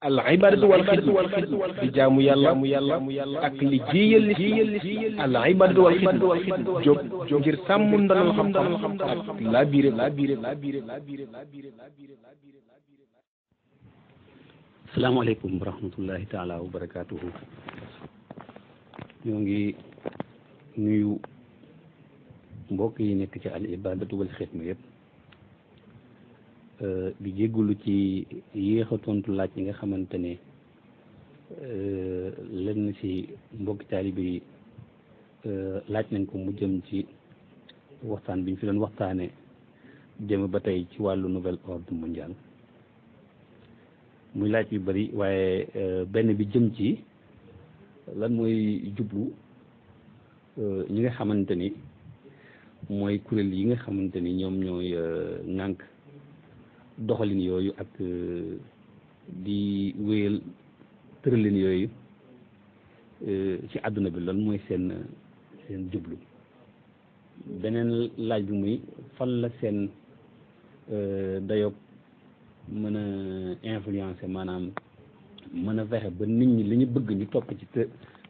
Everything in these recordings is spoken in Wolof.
al ibadatu wal xidma di jaamu yàlla ak li jiyal li al ibadatu wal xidma jóg jóg ngir sàmm ndonal xam-xam ak labiré labiré labiré labiré labiré labiré asalaamaaleykum wa rahmatullahi taala wa barakaatuhu ñoo ngi nuyu mbokk yi nekk ci al ibadatu wal xidma yëpp Euh, di jéggulu ci yéex a tontu laaj yi nga xamante ne euh, lenn ci mbokki taalibe yi euh, laaj nañ ko mu jëm ci waxtaan bi ñu fi doon waxtaane jëm ba tey ci wàllu nouvel ordre mondial muy laaj yu bari waaye benn bi jëm ci lan mooy jublu ñi nga xamante ni mooy kuréel yi nga xamante ni ñoom ñooy ŋànk doxalin yooyu ak euh, di wéyal tëralin yooyu euh, ci àdduna bi loolu mooy seen seen jublu beneen laaj bi muy fan la seen euh, dayoog mën a influencé maanaam mën a fexe ba nit ñi li ñu bëgg ñu topp ci te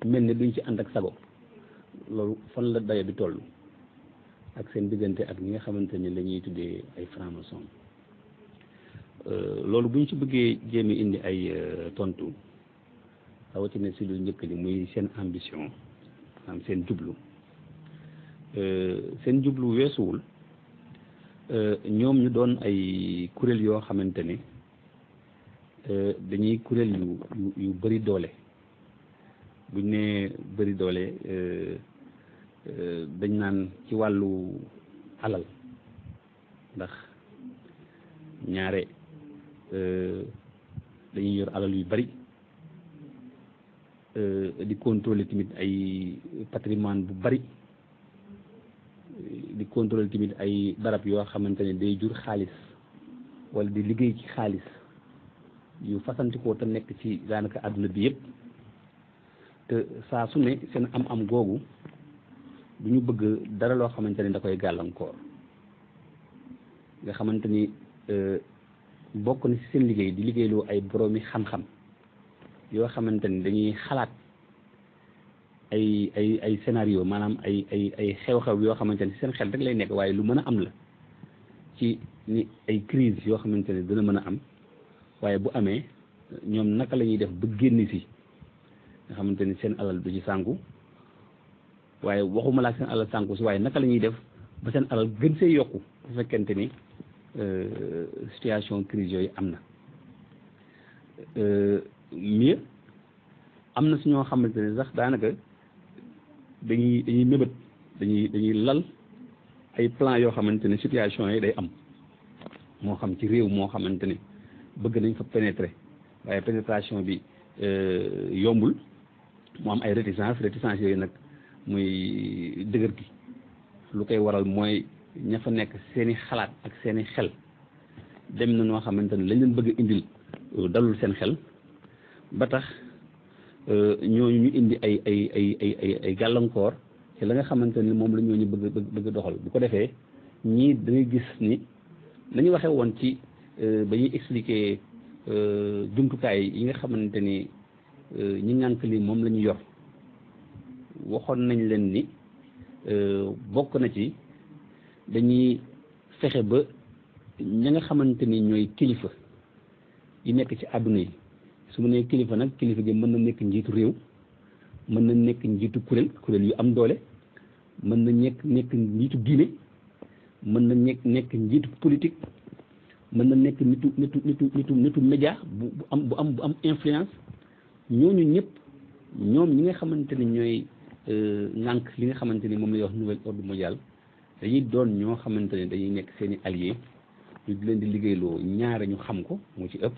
mel ni duñ ci ànd ak sago loolu fan la dayo bi toll ak seen diggante ak ñi nga xamante ni la tuddee ay franc Euh, loolu bu ñu ci bëggee jéem indi ay euh, tontu rawatina si lu njëkk li muy seen ambition am seen jublu euh, seen jublu weesuwul ñoom ñu doon ay kuréel yoo xamante ne dañuy kuréel yu yu bëri doole buñ ne bëri doole dañ naan ci wàllu alal ndax ñaare Euh, dañuy yor alal yu bari euh, di contrôler tamit ay patrimoine bu bari di contrôler tamit ay barab yoo xamante ne day jur xaalis wala di liggéey ci xaalis yu fasantikoo te nekk ci daanaka àdduna bi yëpp te saa su ne seen am-am googu du ñu bëgg dara loo xamante ne da koy gàllankoor nga xamante ni. Euh, bokk na ci seen liggéey di liggéey liggéeyloo ay boroomi xam-xam yoo xamante ni dañuy xalaat ay ay ay scénario maanaam ay ay ay xew-xew yoo xamante ni seen xel rek lay nekk waaye lu mën a am la ci ni ay crise yoo xamante ne dina mën a am waaye bu amee ñoom naka la ñuy def ba génn si nga xamante ni seen alal du ci sànku waaye waxuma laa seen alal sànku si waaye naka la ñuy def ba seen alal gën see yokku bu fekkente ni Euh, situation crise yooyu am na euh, mieux am na su ñoo xamante ne sax daanaka dañuy dañuy mébét dañuy dañuy lal ay plan yoo xamante ne situation yi day am moo xam ci réew moo xamante ne bëgg nañ fa pénétrer waaye pénétration bi euh, yombul mu am ay réticence réticence yooyu nag muy dëgër gi lu koy waral mooy ña fa nekk seeni xalaat ak seeni xel dem na noo xamante ne lañ leen bëgg a indil euh, dalul seen xel ba tax euh, ñooñu ñu indi ay ay ay ay ay gàllankoor ci la nga xamante ne moom la ñooñu bëgg bëgg doxal bu ko defee ñii da gis ni nañu waxee woon ci euh, ba ñuy expliquer jumtukaay yi nga xamante ni ñi ngànk li moom la ñu yor waxoon nañ leen ni bokk na ci dañuy fexe ba ña nga xamante ni ñooy kilifa yi nekk ci àdduna yi su ma nee kilifa nag kilifa gi mën na nekk njiitu réew mën na nekk njiitu kuréel kuréel yu am doole mën na nekk nekk njiitu diine mën na nekk nekk njiitu politique mën na nekk nitu nitu nitu média bu bu am bu am bu am influence ñooñu ñëpp ñoom ñi nga xamante ni ñooy euh, ŋànk li nga xamante ni moom lay ñuy wax nouvel ordre mondial dañuy doon ñoo xamante ne dañuy nekk seeni alliés ñu di leen di liggéeyloo ñaare ñu xam ko mu ci ëpp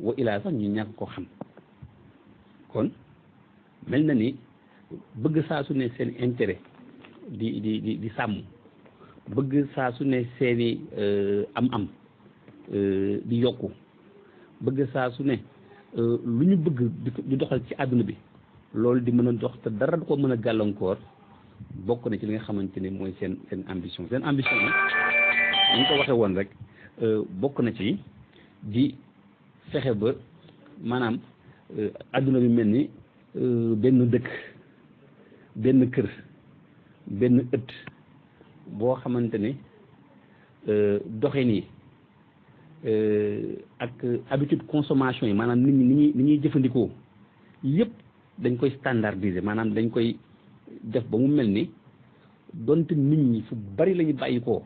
wa ilaa sax ñu ñàkk ko xam kon mel na ni bëgg saa su ne seen intérêt di di di sàmm bëgg saa ne seeni am-am di yokk bëgg saa su ne euh, euh, euh, lu ñu bëgg di doxal ci àdduna bi loolu di mën a dox te dara du ko mën a gàllankoor bokk na ci li nga xamante ni mooy seen seen ambition seen ambition yi ñu ko waxee woon rek euh, bokk na ci ji fexe ba maanaam euh, adduna bi mel ni euh, benn dëkk benn kër benn ëtt boo xamante ni doxin yi ak habitude consommation yi maanaam nit ñi ni ñuy ni ñuy jëfandikoo yëpp dañ koy standardiser maanaam dañ koy def ba mu mel ni dont nit ñi fu bari lañuy bàyyikoo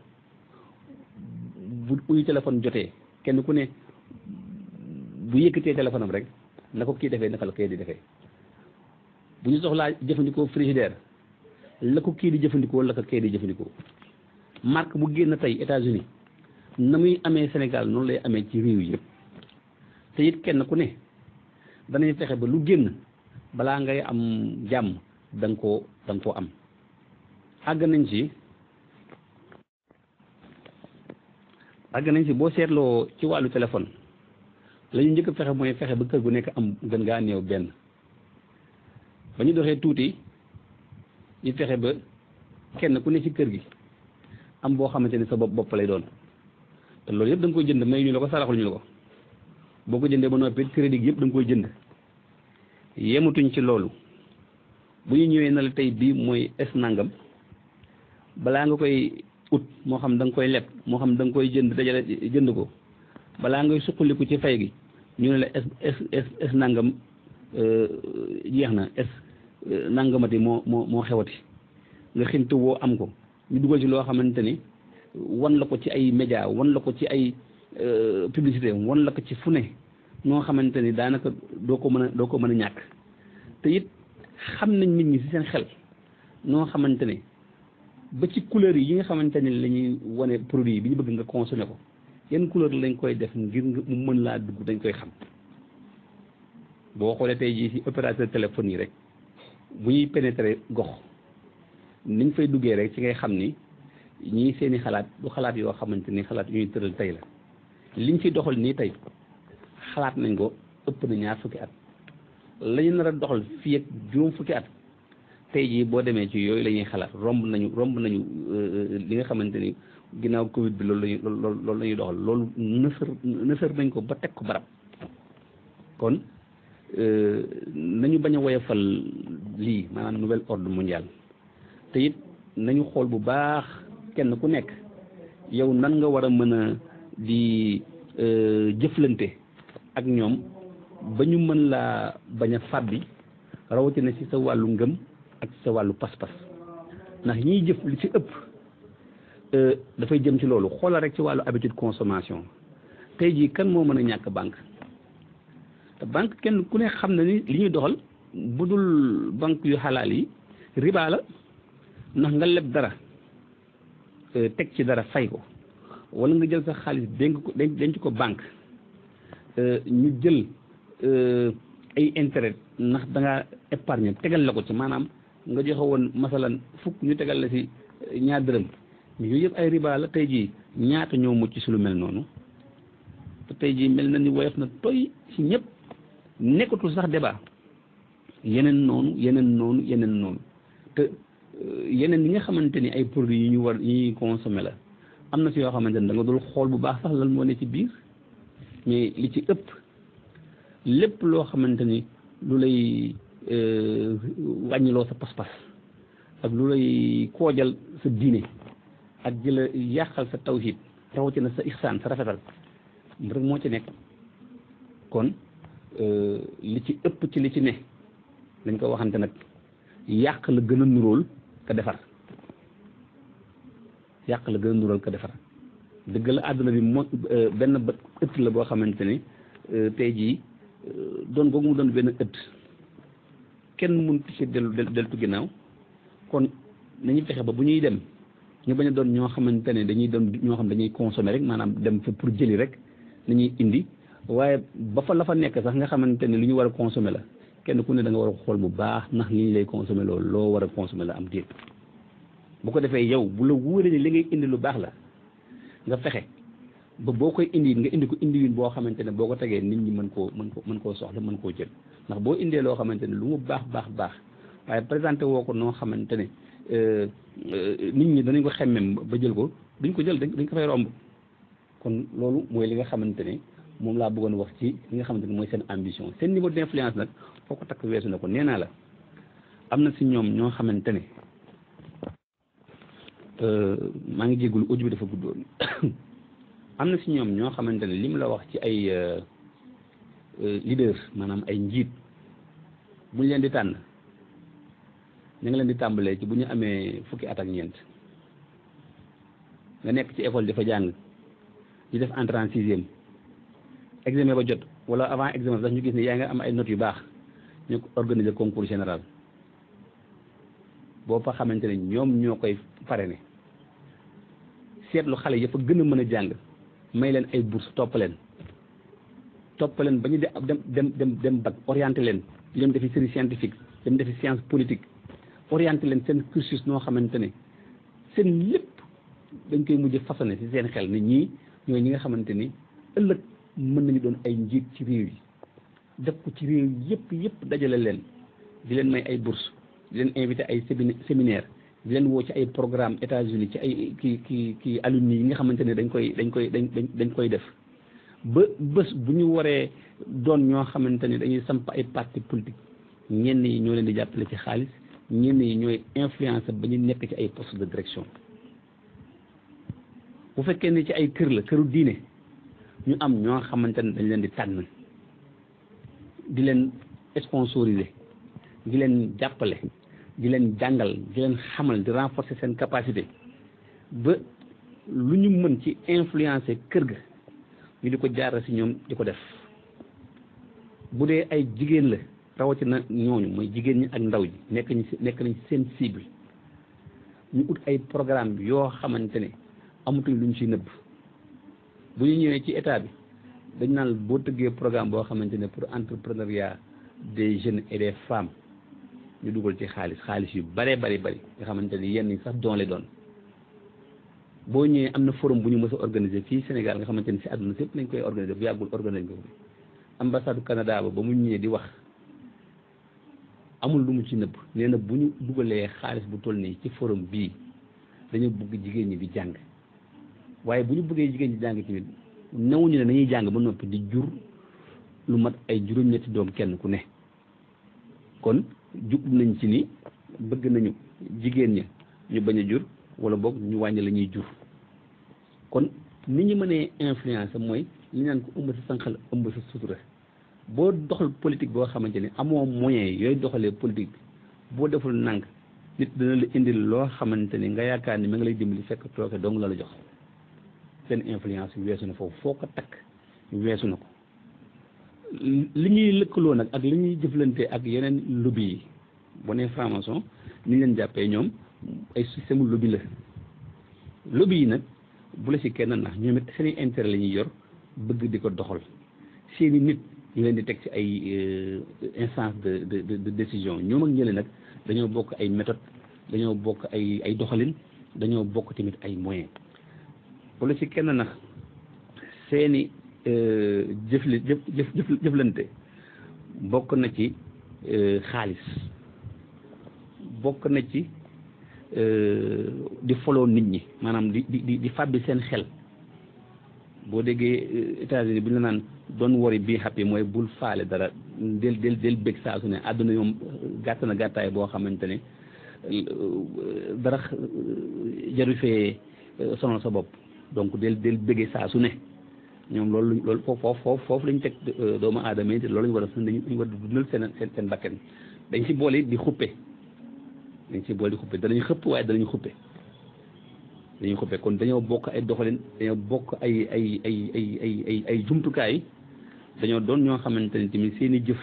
bàyyi bu uyu téléphone jotee kenn ku ne bu yëkkatee téléphone am rek na ko kii defee naka la kii di defee bu ñu soxlaa jëfandikoo frigidaire la ko kii di jëfandikoo la ko kii di jëfandikoo marque bu génn tey états na muy amee senegal noonu lay amee ci réew yëpp te it kenn ku ne danañ fexe ba lu génn balaa ngay am jàmm da nga koo da koo am àgg nañ ci àgg nañ si boo seetloo ci wàllu téléphone la njëkk fexe mooy fexe ba kër gu nekk am gën gaa néew benn ba ñu doxee tuuti ñu fexe ba kenn ku ne ci kër gi am boo xamante ne sa bopp bopp lay doon te loolu yëpp da nga jënd may ñu la ko saraxul la ko boo ko jëndee ba noppi crédit gi yëpp da nga koy jënd yemutuñ ci loolu bu ñu ñëwee na la tey bii mooy es nangam balaa nga koy ut moo xam da nga koy leb moo xam da nga koy jënd dajale jënd ko balaa ngay suqaliku ci fay gi ñu ne la es es es nangam euh, jeex na es euh, nangamati moo moo moo xewati nga xintu woo am ko ñu dugal ci loo xamante ni wan la ko ci ay média wan la ko ci ay euh, publicité wan la ko ci fu ne noo xamante ni daanaka doo ko mën doo ko mën a ñàkk te it xam nañ nit ñi ci seen xel noo xamante ne ba ci couleur yi nga xamante ne lañuy ñuy wane produit bi ñu bëgg nga consommé ko yan couleur lañ koy def ngir mu mën laa dugg dañ koy xam boo xoolee tey jii ci opérateur téléphone yi rek bu ñuy pénétrer gox niñ fay duggee rek ci ngay xam ni ñuy seeni xalaat du xalaat yoo xamante ni xalaat yu ñuy tëral tey la liñ fi doxal nii tey xalaat nañ ko ëpp na ñaar fukki at. lañu ñu nar a doxal fii ak juróom fukki at tey jii boo demee ci yooyu la xalaat romb nañu romb nañu euh, euh, li nga xamante ni ginnaaw Covid bi loolu lañu loolu la doxal loolu nësër nañ ko ba teg ko barab kon euh, nañu bañ a woyofal lii maanaam nouvel ordre mondial te it nañu xool bu baax kenn ku nekk yow nan nga war a mën a di jëflante ak ñoom. ba ñu mën laa bañ a fàbbi rawatina ci sa wàllu ngëm ak sa wàllu pas-pas ndax ñiy jëf li ci ëpp euh, dafay jëm ci loolu xoolal rek ci wàllu habitude consommation tey jii kan moo mën a ñàkk banque te kenn ku ne xam na ni li ñuy doxal bu dul banque yu xalaal yi riba la ndax nga leb dara euh, teg ci dara fay ko wala nga jël sa xaalis denc ko denc ko bank euh, ñu jël ay intérêt ndax da épargne tegal la ko ci maanaam nga joxe woon masalan fukk ñu tegal la si eh, ñaar dërëm mais yëpp ay riba la tey jii ñaata ñoo mucc si lu mel noonu te tey jii mel na ni woyof na toy si ñëpp nekkatul sax débat yeneen noonu yeneen noonu yeneen noonu te eh, yeneen yi nga xamante ni ay produits yi ñu war yi ñuy consommer la am na si yoo xamante ni da nga dul xool bu baax sax lan moo ne ci biir mais li ci ëpp. lépp loo xamante ni lu lay euh, wàññiloo sa pas-pas ak lu lay koojal sa diine ak jëla yàqal sa tawhid rawatina sa ihsaan sa rafetal rek moo ci nekk kon euh, li ci ëpp ci li ci ne dañ ko waxante nag yàq la gën a nuróol ko defar yàq la gën a nuróol ko defar dëgg la àdduna bi moo euh, benn bët ëtt la boo xamante ni tey jii doon googu mu doon benn ëtt kenn mun ci dellu deltu ginnaaw kon nañu fexe ba bu ñuy dem ñu bañ a doon ñoo xamante ne dañuy doon ñoo xam dañuy consommer rek maanaam dem fa pour jëli rek nañuy indi waaye ba fa la fa nekk sax nga xamante ne lu ñu war a consommer la kenn ku ne da nga war a xool bu baax nax li ñu lay consommer loolu loo war a consommer la am déet bu ko defee yow bu la wóoree ne li ngay indi lu baax la nga fexe ba boo koy indi nga indi ko indi win boo xamante ne boo ko tegee nit ñi mën koo mën ko mën koo soxla mën koo jël ndax boo indee loo xamante ne lu mu baax baax baax waaye présenté woo ko noo xamante ne euh, nit ñi danañ ko xemmem ba jël ko duñ ko jël dañ ko fay romb kon loolu mooy li nga xamante ne moom laa bëggoon wax ci li nga xamante ne mooy seen ambition seen niveau d'influence nag foo ko takk weesu na ko nee naa la am na si ñoom ñoo xamante ne euh, maa ngi jégalu audio bi dafa guddoon am na si ñoom ñoo xamante ne li mu la wax ci ay euh, euh, leaders maanaam ay njiit bu ñu leen di tànn ñu ngi leen di tàmbalee ci bu ñu amee fukki at ak ñeent nga nekk ci école dafa jàng ñu def entrée en sixième examen ba jot wala avant examen sax ñu gis ne yaa ngi am ay not yu baax ñu organiser concours général boo fa xamante ne ñoom ñoo koy pare parrainé seetlu xale yi dafa gën a mën a jàng may leen ay bourse toppaleen toppaleen ba ñu de dem dem dem dem bac orienté leen dem defi série scientifique dem defi science politique orienté leen seen cursus noo xamante ne seen lépp dañ koy mujj façonné ci seen xel ni ñii ñooy ñi nga xamante ni ëllëg mën nañu doon ay njiit ci réew yi def ko ci réew yëpp yëpp dajale leen di leen may ay bourse di leen invité ay séminaire di leen woo ci ay programme États-Unis ci ay kii kii kii alumni yi nga xamante ne dañ koy dañ koy dañ dañ koy def ba bés bu ñu waree doon ñoo xamante ne dañuy samp ay parti politique ñenn yi ñoo leen di jàppale ci xaalis ñenn yi ñooy influence ba ñu nekk ci ay poste de direction bu fekkee ne ci ay kër la këru diine ñu am ñoo xamante ne dañ leen di tànn di leen sponsoriser di leen jàppale di leen jàngal di leen xamal di renforcer seen capacité ba lu ñu mën ci influencer kër ga ñu di ko jaara si ñoom di ko def bu dee ay jigéen la rawatina ñooñu mooy jigéen ñi ak ndaw ñi nekk nañ nekk nañ seen cible ñu ut ay programme yoo xamante ne amatuñ lu ñu ci nëbb bu ñu ñëwee ci état bi dañ naan boo tëggee programme boo xamante ne pour entrepreneuriat des jeunes et des femmes ñu dugal ci xaalis xaalis yu bare bari bari nga xamante ni yenn yi sax doon lay doon boo ñëwee am na forum bu ñu mës organiser fii Sénégal nga xamante ni si àdduna sépp lañ koy organiser bu yàggul organiser ko ambassade Canada ba mu ñëwee di wax amul lu ci nëbb nee bu ñu dugalee xaalis bu toll nii ci forum bii dañu bugg jigéen ñi di jàng waaye bu ñu bëggee jigéen ñi jàng tamit newuñu ne nañuy jàng ba noppi di jur lu mat ay juróom doom kenn ku ne kon jub nañ ci ni bëgg nañu jigéen ñi ñu bañ a jur wala boog ñu wàññi la ñuy jur kon ni ñu mënee influence mooy li naan ko ëmb sa sànqal ëmb sa sutura boo doxal politique boo xamante ni amoo moyen yooyu doxalee politique bi boo deful nang nit dana la indil loo xamante ni nga yaakaar ni ma ngi lay dimb dimbali fekk tooke dong la la jox seen influence weesu na foofu foo ko takk weesu na ko li ñuy lëkkaloo nag ak li ñuy jëflante ak yeneen lobby yi bu nee franc-maçon ni leen jàppee ñoom ay système lobby la lobby yi nag bu la si kenn nax ñoom it seen i intérêt la ñuy yor bëgg di ko doxal seen nit ñu leen di teg ci ay euh, instance de de de décision ñoom ak ñële nag dañoo bokk ay méthode dañoo bokk ay ay doxalin dañoo bokk tamit ay moyen bu si kenn nax seeni Euh, jëfle jëf jëf jëflante bokk na ci euh, xaalis bokk na ci euh, di foloo nit ñi maanaam di di di fàbbi seen xel boo déggee États-Unis bi ñu naan doon wari bii happy mooy bul faale dara del del del bëgg saa ne àdduna yoom gàtt na gàttaay boo xamante ne dara jaru fee sonal sa bopp donc del del bëggee saa su ne ñoom loolu loolu foofu foofu foofu lañ teg euh, doomu aadama yi te loolu lañ war a sën dañu dañu war a dundal seen seen seen bakkan dañ ci boole di xuppe dañ ci boole di xuppe danañ xëpp waaye danañ xuppe dañuy xuppe kon dañoo bokk ay doxalin dañoo bokk ay ay ay ay ay jumtukaay dañoo doon ñoo xamante ni tamit seen jëf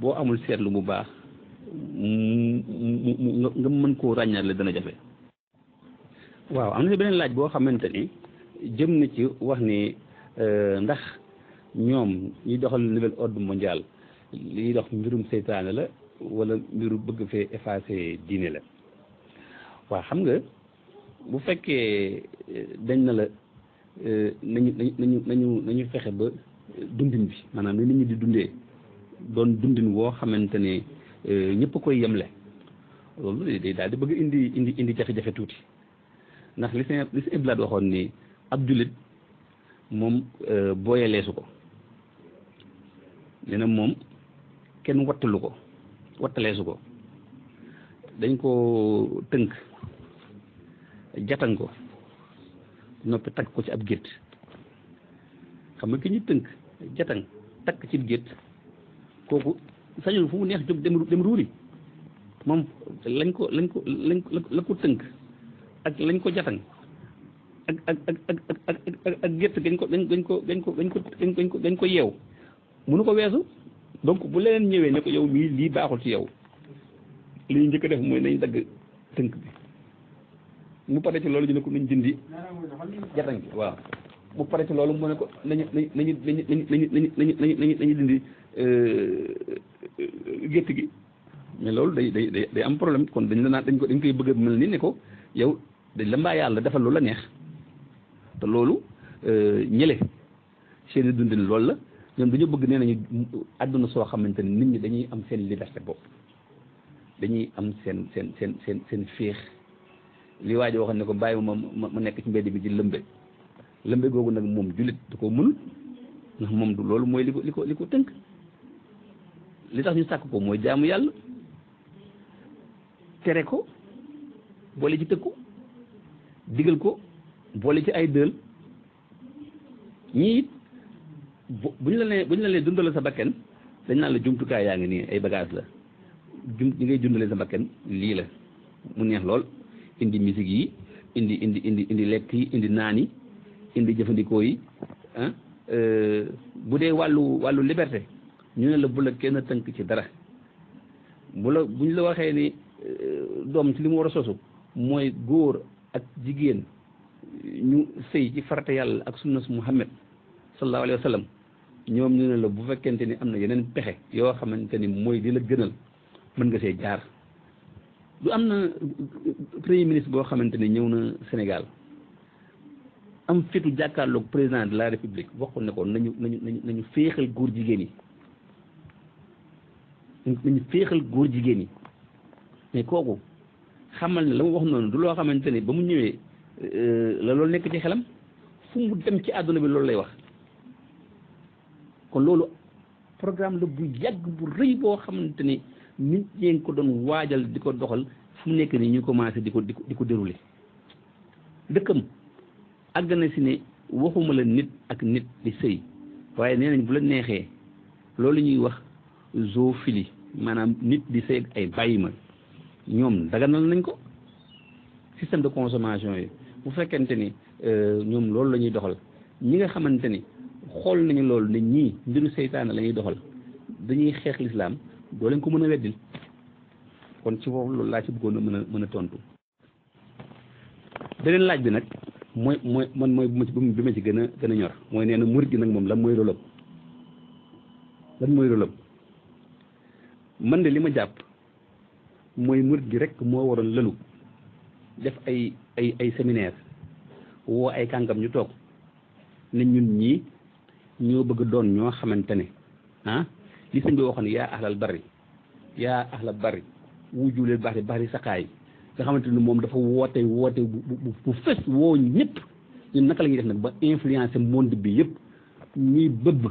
boo amul seet lu bu baax nga mën koo ràññale dana jafe. waaw am na beneen laaj boo xamante ni jëm na ci wax ne Euh, ndax ñoom ñi doxal nouvel ordre mondial li dox mbirum seytaane la wala mbiru bëgg fee effacé diine la waa xam nga bu fekkee euh, dañ na la euh, nañu nañu nañu nañu fexe ba dundin bi maanaam ni nit di dundee doon dundin woo xamante ne ñëpp koy yemle loolu day daal di bëgg indi indi indi jafe-jafe tuuti ndax li seen li seen iblaat waxoon ni ab jullit moom euh, booyaleesu ko nee moom kenn wattalu ko wattaleesu ko dañ koo tënk jatan ko noppi takk ko ci ab gétt xam nga ki ñu tënk jatan takk ci gét kooku sañul fu mu neex jóg dem dem ruuri moom lañ ko lañ ko lañ ko tënk ak lañ ko jatan ak ak ak ak ak ak gétt gañ ko gañ ko gañ ko gañ ko gañ ko gañ ko yeew mënu ko weesu donc bu leneen ñëwee ne ko yow mii lii baaxul ci yow li njëkk def mooy nañ dagg tënk bi mu pare ci loolu ñu ne ko nañ dindi jatañ waaw mu pare ci loolu mu ne ko nañu nañu nañu nañu nañu nañu nañu nañu dindi gétt gi mais loolu day day day am problème kon dañ la naan dañ ko dañ koy bëgg a mel ni ne ko yow dañ la mbaa yàlla defal lu la neex te loolu euh, ñële seen i dundin loolu la ñoom dañoo bëgg nee nañu àdduna soo xamante ne nit ñi dañuy am seen liberté bopp dañuy am seen seen seen seen seen féex li waaj ji ne ko bàyyi ma ma nekk ci mbedd bi di lëmbe lëmbe googu nag moom jullit du ko mënul ndax moom du loolu mooy li ko li ko tënk li tax ñu sàkk ko mooy jaamu yàlla tere ko boole ci tëkku digal ko boole ci ay dël ñii it bu ñu la nee bu ñu la nee dundale sa bakken dañ naan la jumtukaay yaa ngi nii ay bagage la jum ñi ngay dundale sa bakken lii la mu neex lool indi musique yi indi indi indi indi lekk yi indi naan yi indi jëfandikoo yi ah, euh, bu dee wàllu wàllu liberté ñu ne la bu la kenn tënk ci dara bu la bu ñu la waxee ni euh, doom ci li mu war a sosu mooy góor ak jigéen ñu sëy ci farata yàlla ak sunna su Muhammad sallallahu alayhi wa sallam ñoom ñoo ne la bu fekkente ni am na yeneen pexe yoo xamante ni mooy di la gënal mën nga see jaar lu am na premier ministre boo xamante ni ñëw na Sénégal am fitu jàkkaarloog président de la république waxu ne ko nañu nañu nañu nañu féexal góor jigéen yi nañu féexal góor jigéen yi mais kooku xamal ne la mu wax noonu du loo xamante ba mu ñëwee Euh, la loolu nekk ci xelam fu mu dem ci àdduna bi loolu lay wax kon loolu programme la bu yàgg bu rëy boo xamante ni nit ñee ko doon waajal di ko doxal fu mu nekk nii ñu commencé di ko di ko di ko déroulé dëkkam àgg na si ne waxuma la nit ak nit di sëy waaye nee nañ bu la neexee loolu ñuy wax zoophilie maanaam nit di sëy ay bàyyi ma ñoom daga daganal nañ ko système de consommation yi bu fekkente ni euh, ñoom loolu la ñuy doxal ñi nga xamante ni xool nañu loolu ne ñii mbiru seytaane la doxal dañuy xeex lislaam doo leen ko mën a weddil kon ci foofu laa ci bëggoon a mën a mën a tontu. beneen laaj bi nag mooy mooy man mooy bu bi ma ci gën a gën a ñor mooy nee na murit gi nag moom lan mooy rôlam lan mooy rôlam man de li ma jàpp mooy murit gi rekk moo waroon lëlu def ay ay ay séminaire woo ay kàngam ñu toog ne ñun ñii ñoo bëgg doon ñoo xamante ne ah li sëñ bi waxoon yaa ahlal bari yaa ahlal bari wujuleel bari bari saqaay nga xamante ni moom dafa woote woote bu bu fës woo ñëpp ñu naka la ñuy def nag ba influencer monde bi yëpp ñuy bëbb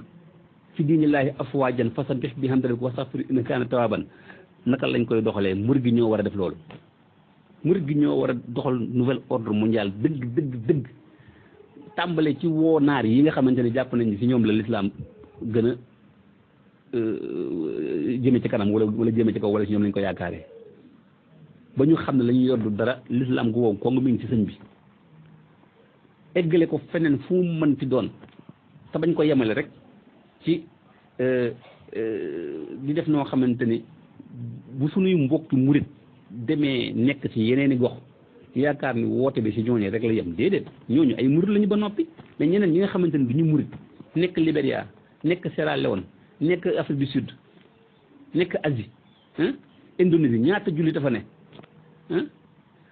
fi diinillaahi afwaajan fasabbih bihamdi rabbika wastaghfirhu innahu kaana tawwaaban naka lañ koy doxalee mur gi ñoo war a def loolu murit gi ñoo war a doxal nouvel ordre mondial dëgg dëgg dëgg tàmbale ci woo naar yi nga xamante ni jàpp nañ si ñoom la lislaam gën a euh, euh, jëme ci kanam wala wala jëme ci kaw wala si ñoom lañ ko yaakaaree ba ñu xam ne la ñuy dara lislaam gu wow kongu mi ngi ci sëñ bi eggale ko feneen fu mu mën ci doon te ko yemale rek ci euh, di def noo xamante ni bu sunuy mbokki murit demee nekk ci yeneen i gox yaakaar ni woote bi ci ñooñee rek la yem déedéet ñooñu ay murit lañu ba noppi mais ñeneen ñi nga xamante ne bi ñu murit nekk Libéria nekk Sierra Leone nekk Afrique bi Sud nekk Asie Indonésie ñaata julli dafa ne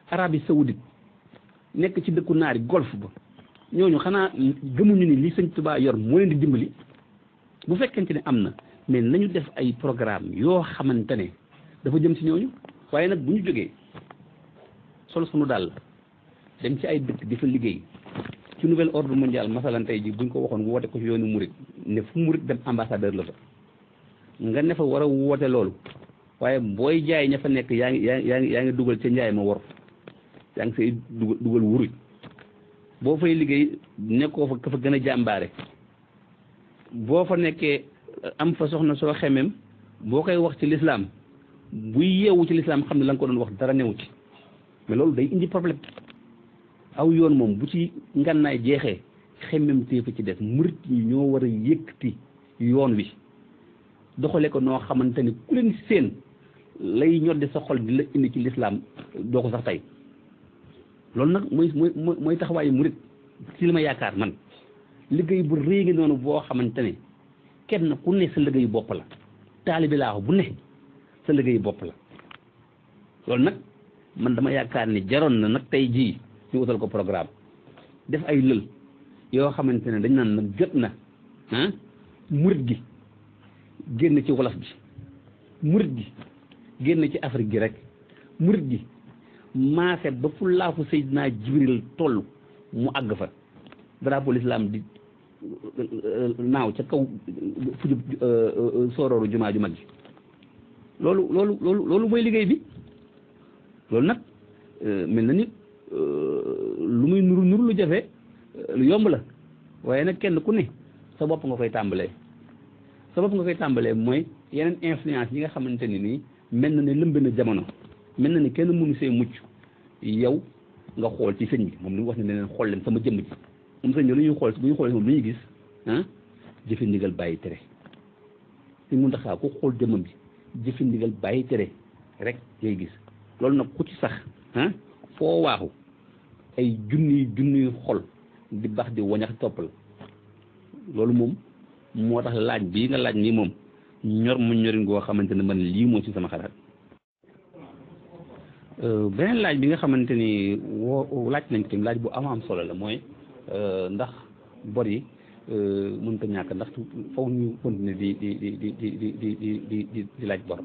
Arabie Saoudite nekk ci dëkku naari golfe ba ñooñu xanaa gëmuñu ni li sëñ Tuubaa yor moo leen di dimbali bu fekkente ne am na mais nañu def ay programme yoo xamante ne dafa jëm ci ñooñu waaye nag bu ñu jógee sol sunu dàll dem ci ay dëkk di fa liggéey ci nouvel ordre mondial masalan tey ji buñ ko waxoon woote ko ci yoonu murit ne fu murit dem ambassadeur la fa nga ne fa war a woote loolu waaye booy jaay ña fa nekk yaa ngi yaa ngi dugal ca njaay ma war yaa ngi say dugal dugal boo fay liggéey nekkoo fa ka fa gën a jàmbaare boo fa nekkee am fa soxna soo xemem boo koy wax ci lislaam buy yeewu ci lislaam xam ne la nga ko doon wax dara new ci mais loolu day indi problème aw yoon moom bu ci ngànnaay jeexee xemmem téefa ci def murit yi ñoo war a yëkkati yoon wi doxale ko noo xamante ni ku leen seen lay ñodde sa xol di la indi ci lislaam doo ko sax tey loolu nag mooy mooy mooy taxawaayu murit ci li ma yaakaar man liggéey bu réy noonu boo xamante ne kenn ku ne sa liggéeyu bopp la taalibi laa bu ne sa liggéey bopp la loolu nag man dama yaakaar ni jaroon na nag tey jii ñu utal ko programme def ay lël yoo xamante ne dañ naan nag jot na mu ah, murit gi génn ci wolof gi murit gi génn ci Afrique gi rek murit gi maase ba fu laafu Seydina Jibril toll mu àgg fa drapeau l'islam di naaw ca kaw fu jub euh, euh, soorooru jumaa ju mag ji loolu loolu loolu loolu mooy liggéey bi loolu nag euh, mel na ni euh, lu muy nuru nuru lu jafe euh, lu yomb la waaye nag kenn ku ne sa bopp nga koy tàmbalee sa bopp nga koy tàmbalee mooy yeneen influence yi nga xamante ni nii mel na ne lëmb na jamono mel na ni kenn mënu see mucc yow nga xool ci sëñ bi moom lu wax ne leen xool leen sama jëmm ji moom sëñ bi lu ñuy xool bu ñu xool moom lu ñuy gis ah jëfe ndigal bàyyi tere si mun taxaa ko xool jëmmam bi jëfi ndigal bàyyi tere rek ngay gis loolu nag ku ci sax ah foo waaxu ay junniy junniy xol di baax di wañax la loolu moom moo tax laaj bii nga laaj nii moom ñor mu ñorin goo xamante ne man lii moo ci sama xalaat euh, beneen laaj bi nga xamante ni woo laaj nañ ko tamit laaj bu am am solo la mooy euh, ndax bor yi mënut a ñàkk ndax faw ñu continuer di di di di di di di di di di laaj bor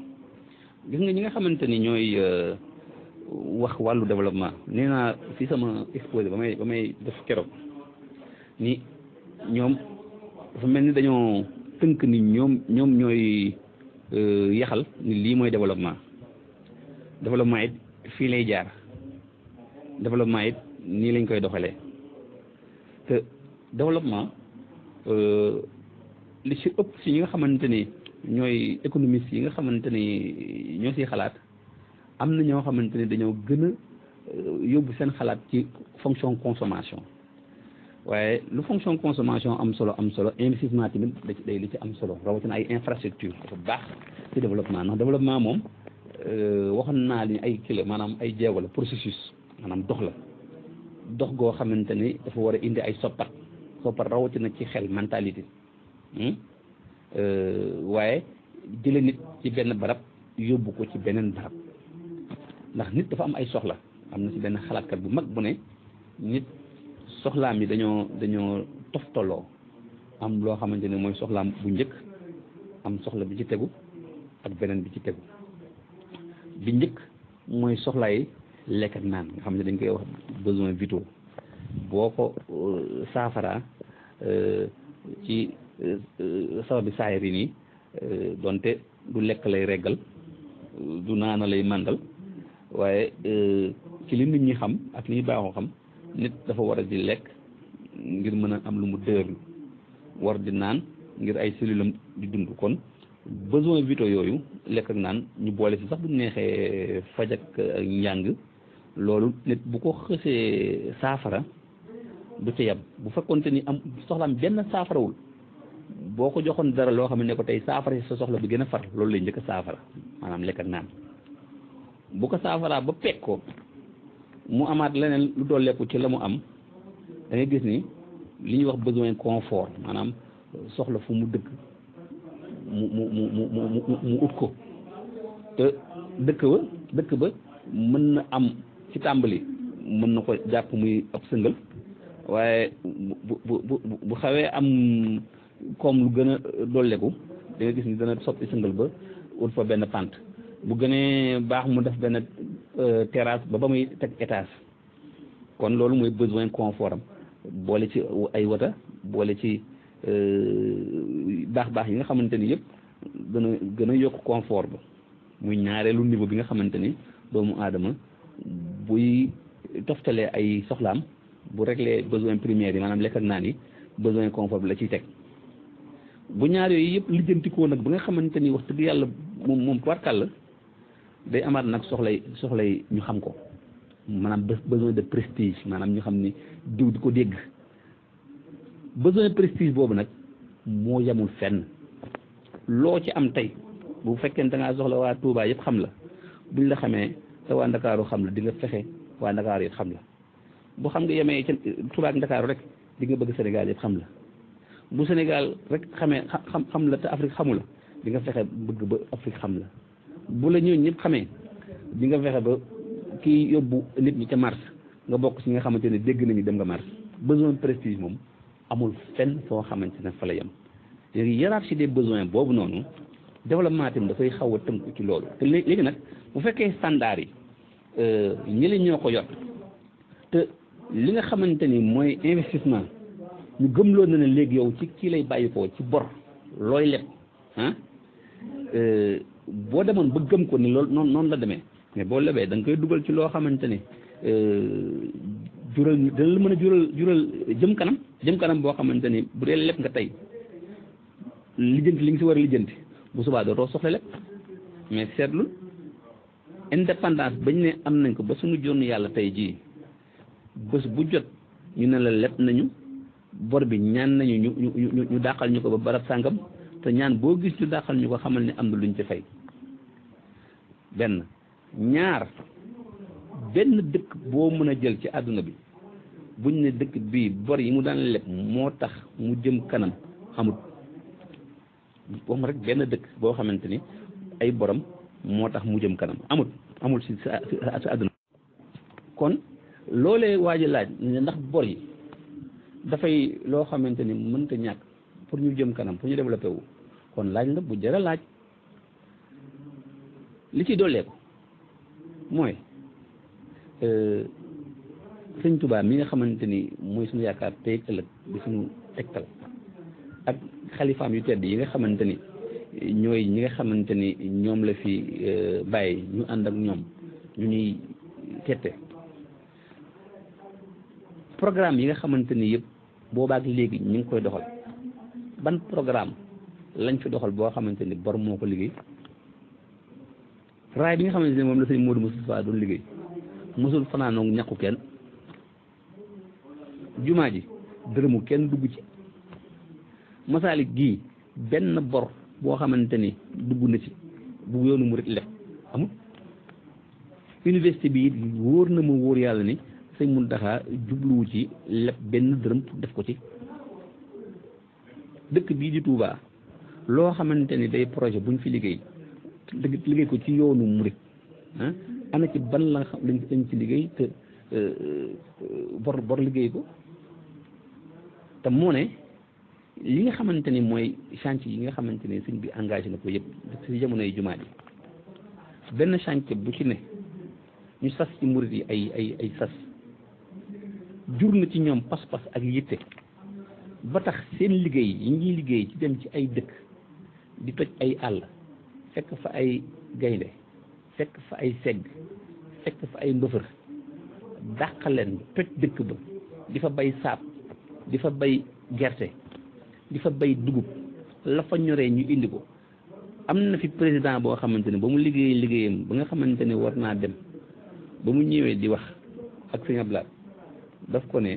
gis nga ñi nga xamante ni ñooy wax wàllu développement nee naa fi sama exposé ba may ba def keroog ni ñoom dafa mel ni dañoo tënk ni ñoom ñoom ñooy yaxal ni lii mooy développement développement it fii lay jaar développement it nii lañ koy doxalee te développement Euh, li ci ëpp si ñi nga xamante ni ñooy économistes yi nga xamante ni ñoo ciy xalaat am na ñoo xamante ni dañoo gën a euh, yóbbu seen xalaat ci fonction consommation waaye lu fonction consommation am solo am solo investissement tamit da am solo rawatina ay infrastructure dafa baax ci développement ndax développement moom euh, waxoon naa li ay kilo maanaam ay jéego la processus maanaam dox la dox goo xamante ni dafa war a indi ay soppat soppar rawatina ci xel mentalité hmm? euh, waaye jële nit ci benn barab yóbbu ko ci beneen barab ndax nit dafa am ay soxla am na ci benn xalaatkat bu mag bu ne nit soxlaam yi dañoo dañoo toftaloo am loo xamante ne mooy soxlaam bu njëkk am soxla bi ci tegu ak beneen bi ci tegu bi njëkk mooy soxla yi lekk naan nga xam ne dañ koy wax besoin vitaux boo ko euh, saafara euh, ci euh, sababi saayri nii donte du lekk lay reggal du naana lay màndal waaye ci li nit ñi xam ak li ñu xam nit dafa war a di lekk ngir mën a am lu mu dëerlu war di naan ngir ay cellulam di dund kon besoin vitaux yooyu lekk ak naan ñu boole si sax bu neexee faj njàng loolu nit bu ko xësee saafara du ci yem bu fekkonte ni am soxlaam benn saafarawul boo ko joxoon dara loo xam ne ko tey saafara si sa soxla bi gën a far loolu lay njëkk a saafara maanaam lekk naan bu ko saafaraa ba peg ko mu amaat leneen lu dooleeku ci la mu am da gis ni li ñuy wax besoin confort maanaam soxla fu mu dëkk mu mu mu mu mu ut ko te dëkk ba dëkk ba mën na am ci tàmbali mën na ko jàpp muy ab sëngal waaye bu bu bu bu xawee am koom lu gën a dolleku da nga gis ni dana soppi sëngal ba wut fa benn pant bu gënee baax mu def benn euh, terrasse ba ba muy teg étage kon loolu mooy besoin confort am boole ci ay wata boole ci euh, baax baax yi nga xamante ni yëpp dana gën a yokk confort ba muy ñaareelu niveau bi nga xamante ni doomu aadama buy toftalee ay soxlaam bu réglé besoin primaire yi maanaam lekk ak naan yi besoin confort la ciy teg bu ñaar yooyu yëpp lijjantikoo nag ba nga xamante ni wax dëgg yàlla moom moom warkal la day amaat nag soxla soxla yi ñu xam ko maanaam besoin de prestige maanaam ñu xam ni diw di ko dégg besoin prestige boobu nag moo yamul fenn loo ci am tey bu fekkee da ngaa soxla waa Touba yëpp xam la buñ la xamee te waa Ndakaaru xam la di nga fexe waa Ndakaaru yëpp xam la bu xam nga yemee ca Touba Ndakaaru rek di nga bëgg Sénégal yëpp xam la bu Sénégal rek xamee xam xam la te Afrique xamu la di nga fexe bëgg ba Afrique xam la bu la ñooñu ñëpp xamee di nga fexe ba kii yóbbu nit ñi ca Mars nga bokk ci nga xamante ne dégg nañu dem nga Mars besoin prestige moom amul fenn foo xamante ne fa la yem léegi hiérarchie des besoins boobu noonu développement tam dafay xaw a tënku ci loolu te léegi nag bu fekkee standard yi euh, ñi leen ñoo ko yot li nga xamante ni mooy investissement ñu gëm gëmloo na ne léegi yow ci kii lay bàyyi ko ci bor looy leb ah euh, boo demoon ba gëm ko ni loolu noonu noonu la demee mais boo lebee danga koy dugal ci loo xamante ni euh, jural dana la mën a jural jural jëm kanam jëm kanam boo xamante ni bu dee leb nga tey lijjanti li nga si war a lijjanti bu subaa dootoo soxla leb mais seetlu indépendance bañ ne am nañ ko ba suñu jonn yàlla tey jii bés bu jot ñu ne la leb nañu bor bi ñaan nañu ñu ñu ñu dàqal ñu ko ba barab sàngam te ñaan boo gis ñu dàqal ñu ko xamal ne am na luñ ci fay benn ñaar benn dëkk boo mën a jël ci àdduna bi buñ ne dëkk bii bor yi mu daan leb moo tax mu jëm kanam xamut rek benn dëkk boo xamante ni ay borom moo tax mu jëm kanam amut amul si sa si àdduna kon loole waa laaj ndax bor yi dafay loo xamante ni mënta ñàkk pour ñu jëm kanam pour ñu développé wu kon laaj la bu jëra laaj li ci dooleeku mooy euh, sëñ tubaab mi nga xamante ni mooy suñu yaakaar tey ëllëg di suñu tegtal ak xalifaam yu tedd yi nga xamante ni ñooy ñi nga xamante ni ñoom la fi euh, bàyyi ñu ànd ak ñoom ñu ñuy tette programme yi nga xamante ni yëpp boobaak léegi ñu ngi koy doxal ban programme lañ fi doxal boo xamante ni bor moo ko liggéey raay bi nga xamante ni moom la sëñ Modou Moustapha doon liggéey mosul fanaanoo ñàkku kenn jumaa ji dërëmu kenn dugg ci masaalik gii benn bor boo xamante ni dugg na ci bu yoonu mu rek leb amul université bi it wóor na ma wóor yàlla ni sëñ Muntaxa jubluwu ci lépp benn dërëm def ko ci dëkk bii di Touba loo xamante ni day projet buñ fi liggéey liggéey ko ci yoonu murit ah ana ci ban la xam lañ ci liggéey te euh, euh, bor bor liggéey ko te moo ne li nga xamante ni mooy chantier yi nga xamante ni suñ bi engagé na ko yëpp jamono jamonoy jumaa ji benn chantier bu ci ne ñu sas ci murit yi ay ay ay sas jur na ci ñoom pas-pas ak yitte ba tax seen liggéey yi ñuy liggéey ci dem ci ay dëkk di toj ay àll fekk fa ay gaynde fekk fa ay segg fekk fa ay mbëfër dàqaleen toj dëkk ba di fa bay saab di fa bay gerte di fa bay dugub la fa ñoree ñu indi ko am na fi président boo xamante ne ba mu liggéey liggéeyam ba nga xamante ne war naa dem ba mu ñëwee di wax ak sëñ Ablaye daf ko ne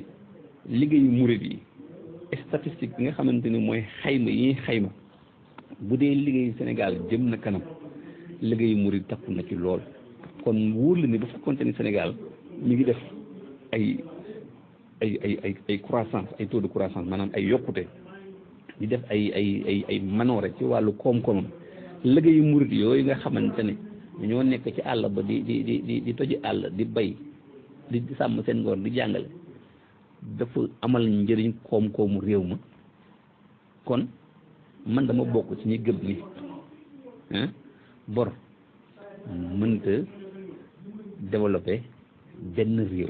liggéeyu murit yi statistique bi nga xamante ni mooy xayma yii xayma bu dee liggéeyu Sénégal jëm na kanam liggéeyu murit takku na ci lool kon wóor la ni bu fekkoonte ni Sénégal mi ngi def ay ay ay ay ay croissance ay taux de croissance maanaam ay yokkute di def ay ay ay ay manoore ci wàllu koom-koomam liggéeyu murit yooyu nga xamante ne ñoo nekk ci àll ba di di di di di toji àll di bay di sàmm seen ngoon di jàngale dafa amal njëriñ koom-koomu réew ma kon man dama bokk ci ñi gëm ni bor mënta développer benn réew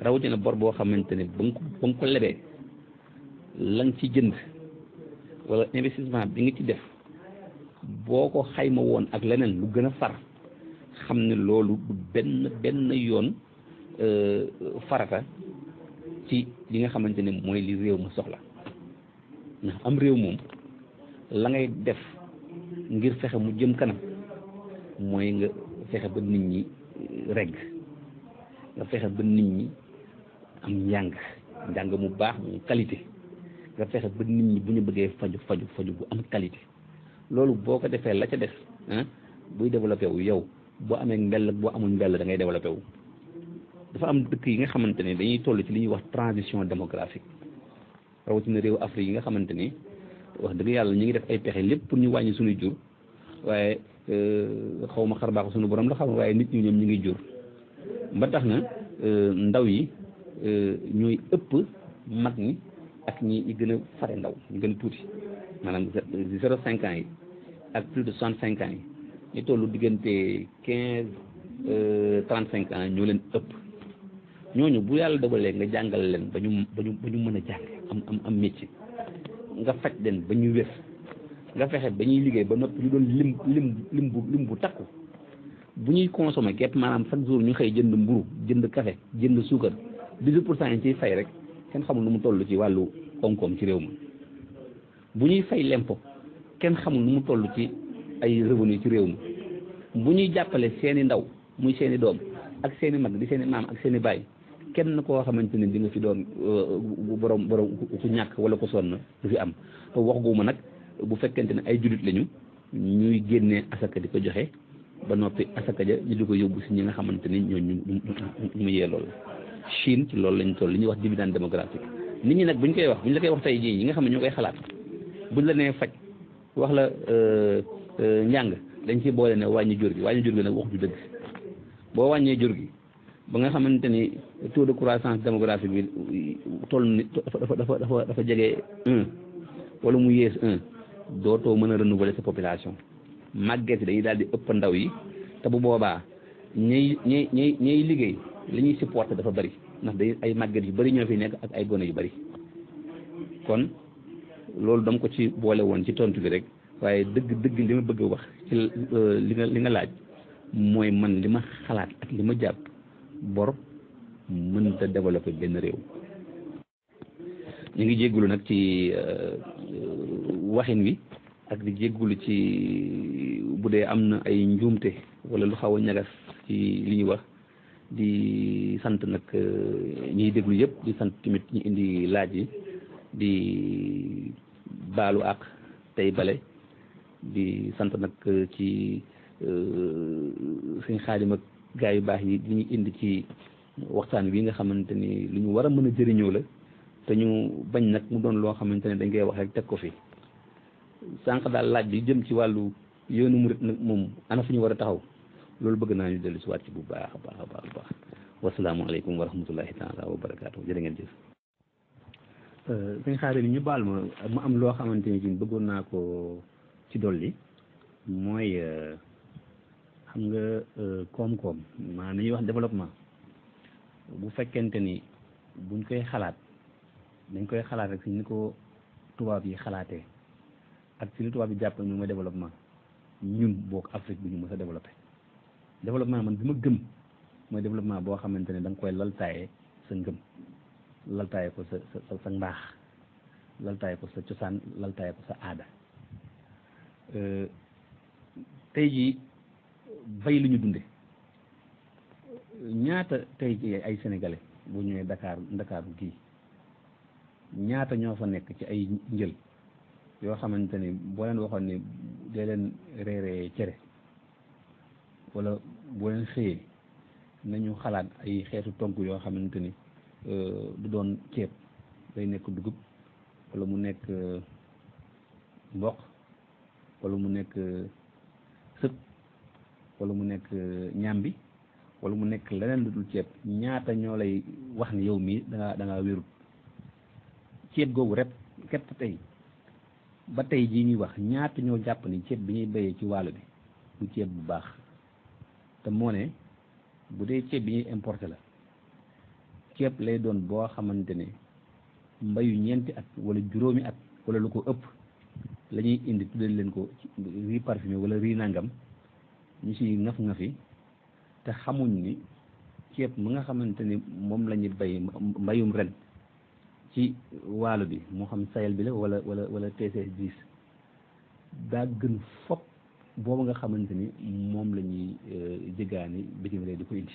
rawatina bor boo xamante ne ba nga ko lebee la ci jënd wala investissement bi nga ci def boo ko xayma woon ak leneen lu gën a far xam ne loolu du benn benn yoon euh, farata ci li nga xamante ne mooy li réew ma soxla ndax am réew moom la ngay def ngir fexe mu jëm kanam mooy nga fexe ba nit ñi regg nga fexe ba nit ñi am njàng njàng mu baax mu qualité nga fexe ba nit ñi bu ñu bëggee faju faju faju bu am qualité loolu boo ko defee la ca des ah, buy développé wu yow boo amee mbell boo amul mbell da ngay développé wu dafa am dëkk yi nga xamante ne dañuy toll ci li ñuy wax transition démographique rawatina réew Afrique yi nga xamante ne wax dëgg yàlla ñu ngi def ay pexe lépp pour ñu wàññi suñu jur waaye euh, xaw ma xar suñu borom la xam waaye nit ñi ñoom ñu ngi jur ba tax na euh, ndaw yi euh, ñooy ëpp mag ñi ak ñi gën a fare ndaw ñu gën a tuuti maanaam zéro cinq ans yi ak plus de soixante cinq ans yi ñu toll diggante quinze trente cinq ñoo leen ëpp ñooñu bu yàlla dogalee nga jàngale leen ba ñu ba ñu ba ñu mën a jàng am am am métier nga faj leen ba ñu wér nga fexe ba ñuy liggéey ba noppi ñu bu lim bu bu ñuy consommer képp maanaam chaque jour ñu xëy jënd mburu jënd café jënd suukar dix-huit pour ciy fay rek kenn xamul nu mu toll ci wàllu koom ci réew ma bu ñuy fay lempo kenn xamul nu mu toll ci ay revenu ci réew mi bu ñuy jàppale seeni ndaw muy seeni doom ak seeni mag di seeni maam ak seeni baay kenn koo xamante ne dina fi doon euh, borom borom ku ñàkk wala ku sonn du fi am wax guuma nag bu fekkente ne ay jullit lañu ñuy génnee asaka di ko joxe ba noppi asaka ja ñu di ko yóbbu si ñi nga xamante ni ñooñu mu yee lool Chine ci loolu lañ toll li ñu wax dividende démographique nit ñi nag buñ koy wax buñ la koy wax tey jii ñi nga xam ne ñoo koy xalaat buñ la nee faj wax la euh, euh, njàng dañ ci boole ne wàññi jur gi wàññi jur gi nag wax ju dëgg wàññee jur gi. ba nga xamante ni taux de croissance démographique bi toll ni dafa dafa dafa dafa jege un wala mu yées un dootoo mën a renouveler sa population màgget yi dañuy daal di ëpp ndaw yi te bu boobaa ñay ñay ñay ñay liggéey li ñuy supporté dafa bari ndax day ay màgget yu bari ñoo fi nekk ak ay gone yu bari kon loolu dama ko ci boole woon ci tontu bi rek waaye dëgg dëgg li ma bëgg wax euh, li nga li nga laaj mooy man li ma xalaat ak li ma jàpp. bor mënta développer benn réew ñu ngi jéggulu nag ci euh, waxin wi ak di jéggulu ci bu dee am na ay njuumte wala lu xaw a ñagas ci li ñu wax di sant nag euh, ñiy déglu yëpp di sant tamit ñi indi laaj yi di baalu ak tey bale di sant nag ci euh, sëñ Xaadim gaa yu baax yi li ñu indi ci waxtaan wi nga xamante ni lu ñu war a mën a jëriñoo la te ñu bañ nag mu doon loo xamante ne dañ koy wax rek teg ko fi sànq daal laaj bi jëm ci wàllu yoonu murit nag moom ana fu ñu war a taxaw loolu bëgg naa ñu dellu si waat ci bu baax a baax a baax baax wasalaamualeykum wa rahmatullahi taala wa barakaatu jërë ngeen jëf. Euh, sëñ xaar yi ñu baal ma mu am loo xamante ni bëggoon naa ko ci dolli mooy. Euh, xam nga euh, koom-koom maanaam ñuy wax développement bu fekkente ni buñ koy xalaat dañ koy xalaat ak si ni ko tubaab yi xalaatee ak si li tubaab yi jàpp moom mooy développement ñun boog Afrique bi ñu mës a développé développement man bi ma gëm mooy développement boo xamante ne da nga koy laltaaye sa ngëm laltaaye ko sa sa sa mbaax laltaaye ko sa cosaan laltaaye ko sa aada euh, tey jii bay lu ñu dunde ñaata tey ji ay sénégalais bu ñëwee Dakar Ndakaaru gii ñaata ñoo fa nekk ci ay njël yoo xamante ni boo leen waxoon ni dee leen reeree cere wala boo leen xëyee nañu xalaat ay xeetu tonk yoo xamante ni euh, du doon ceeb day nekk dugub wala mu nekk euh, mboq wala mu nekk wala mu nekk euh, ñambi wala mu nekk leneen lu dul ceeb ñaata ñoo lay wax ni yow mii danga ngaa wérut ceeb googu rek képp tey ba tey jii ñuy wax ñaata ñoo jàpp ni ceeb bi ñuy bayee ci wàll bi du ceeb bu baax te moo ne bu dee ceeb bi ñuy importé la ceeb lay doon boo xamante ne mbayu ñeenti at wala juróomi at wala lu ko ëpp lañuy ñuy indi tuddee leen ko riz parfumé wala riz nangam. ñu ci ngaf ngafi te xamuñ ni ceeb mu nga xamante ni moom la ñu bay mbayum ren ci waalo bi moo xam sayel bi la wala wala wala TCS 10 daa gën fop boobu nga xamante ni moom la ñuy euh, jëgaani bitim réew di ko indi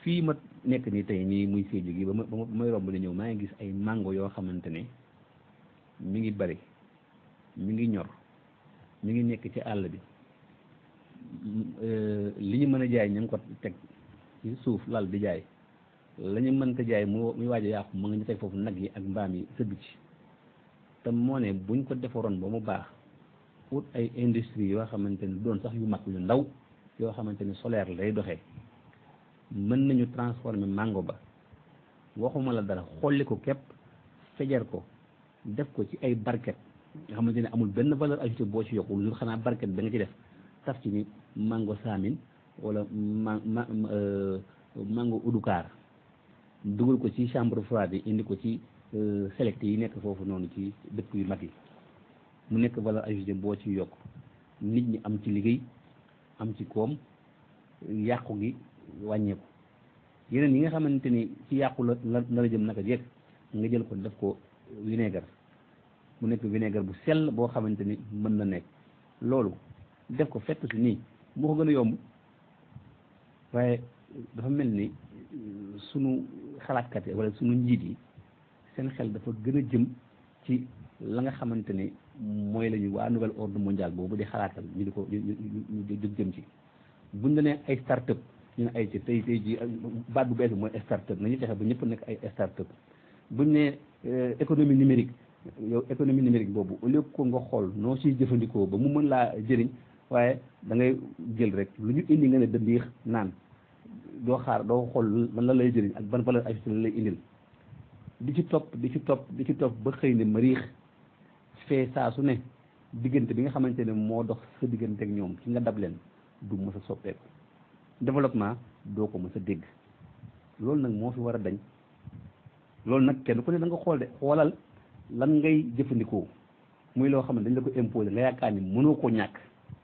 fii ma nekk ni tey nii muy séddu gi ba ma ba may romb di ñëw maa ngi gis ay mango yoo xamante ne mi ngi bari mi ngi ñor mi ngi nekk ci àll bi Euh, li ñu mën a jaay ñu ngi ko teg ci suuf lal di jaay lañu ñu mënta jaay mu muy waaj a yàqu mu nga teg foofu nag yi ak mbaam yi sëdd ci te moo ne buñ ko defaroon ba mu baax ut ay industrie yoo xamante ne doon sax yu mag yu ndaw yoo xamante ne solaire lay doxee mën nañu transformer mango ba waxuma la dara xolli ko képp fejar ko def ko ci ay barket nga xamante ne amul benn valeur ajoutée boo ci yokku lu xanaa barket ba nga ci def taf ci ni mango saamin wala ma ma euh, mango udukaar dugal ko ci chambre froide yi indi ko ci euh, select yi nekk foofu noonu ci dëkk yu mag yi mu nekk valeur ajoutée boo ci yokk nit ñi am ci liggéey am ci koom yàqu gi wàññeeku yeneen yi nga xamante ni ci yàqu la la jëm naka jekk nga jël ko def ko vinaigre mu nekk vinaigre bu sell boo xamante ni mën na nekk loolu def ko fett si nii moo ko gën a yomb waaye dafa mel ni euh, sunu xalaatkat yi wala sunu njiit yi seen xel dafa gën a jëm ci la nga xamante ni mooy la ñu waa nouvel ordre mondial boobu di xalaatal ñu di ko ñu jóg jëm ci buñ la ay start ñu ne ay ci tey tey jii baat bu bees bi mooy start-up nañu ba ñëpp nekk ay start-up buñ euh, économie numérique yow économie numérique boobu au lieu ko nga xool noo siy jëfandikoo ba mu mën laa jëriñ waaye dangay ngay jël rek lu ñu indi nga ne dëndiix naan doo xaar doo xool man la lay jëriñ ak ban valeur ajoutée la lay indil di ci topp di ci topp di ci topp ba xëy ne mariix fee saa su ne diggante bi nga xamante ne moo dox sa diggante ak ñoom ci nga dab leen du mës a soppeeku développement doo ko mës a dégg loolu nag moo fi war a dañ loolu nag kenn ku ne da nga xool de xoolal lan ngay jëfandikoo muy loo xam ne dañ la ko imposer nga yaakaar ni mënoo koo ñàkk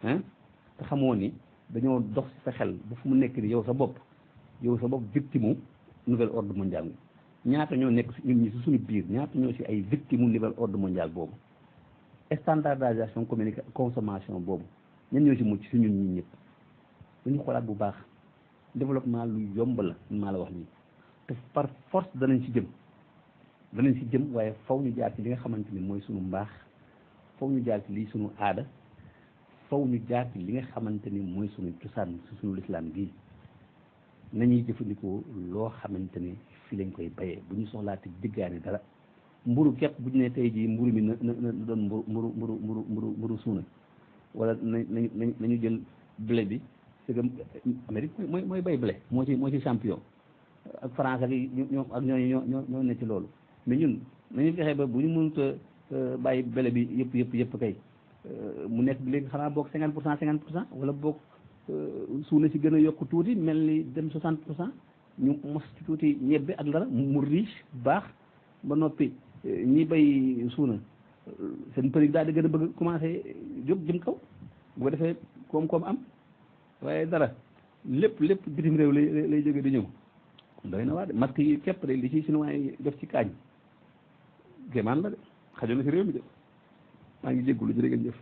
te xamoo ni dañoo dox ci sa xel ba fu mu nekk ni yow sa bopp yow sa bopp victime nouvel ordre mondial nga ñaata ñoo nekk si ñu suñu biir ñaata ñoo si ay victime nouvel ordre mondial boobu standardisation communication consommation boobu ñen ñoo si mucc si ñun ñi ñëpp dañu xoolaat bu baax développement lu yomb la maa la wax nii te par force danañ si jëm danañ si jëm waaye faw ñu jaar ci li nga xamante ni mooy suñu mbaax faw ñu jaar ci lii suñu aada faw ñu jaar li nga xamante ni mooy suñu cosaan si suñu lislaam bii nañuy jëfandikoo loo xamante ni fii lañ koy bayee bu ñu soxlaati diggaane dara mburu képp bu ñu ne tey jii mburu mi na na doon mburu mburu mburu mburu mburu suuna wala na nañ nañu jël blé bi mooy bay blé moo ci moo ci champion ak France ak ak ñooñu ñoo ñoo ñoo ne ci loolu mais ñun nañu fexe ba bu ñu mënut a euh, bàyyi blé bi yëpp yëpp yëpp kay Euh, mu nekk léegi xanaa boog cinquante pour cent cinquante pour cent wala boog euh, suuna si gën a yokk tuuti mel ni dem soixante pour cent ñu mos ci tuuti ñebbe ak dara mu riche baax ba noppi euh, ñi bay suuna seen prix daal di gën a bëgg commencé jóg jëm kaw bu defee koom-koom am waaye dara lépp lépp bitim réew lay lay jóge di ñëw doy na waa de masque yi képp de li ci chinois yi def ci kaañ kéemaan la de xajoon na si réew mi de maa ngi jégalu jërë ngeen jëf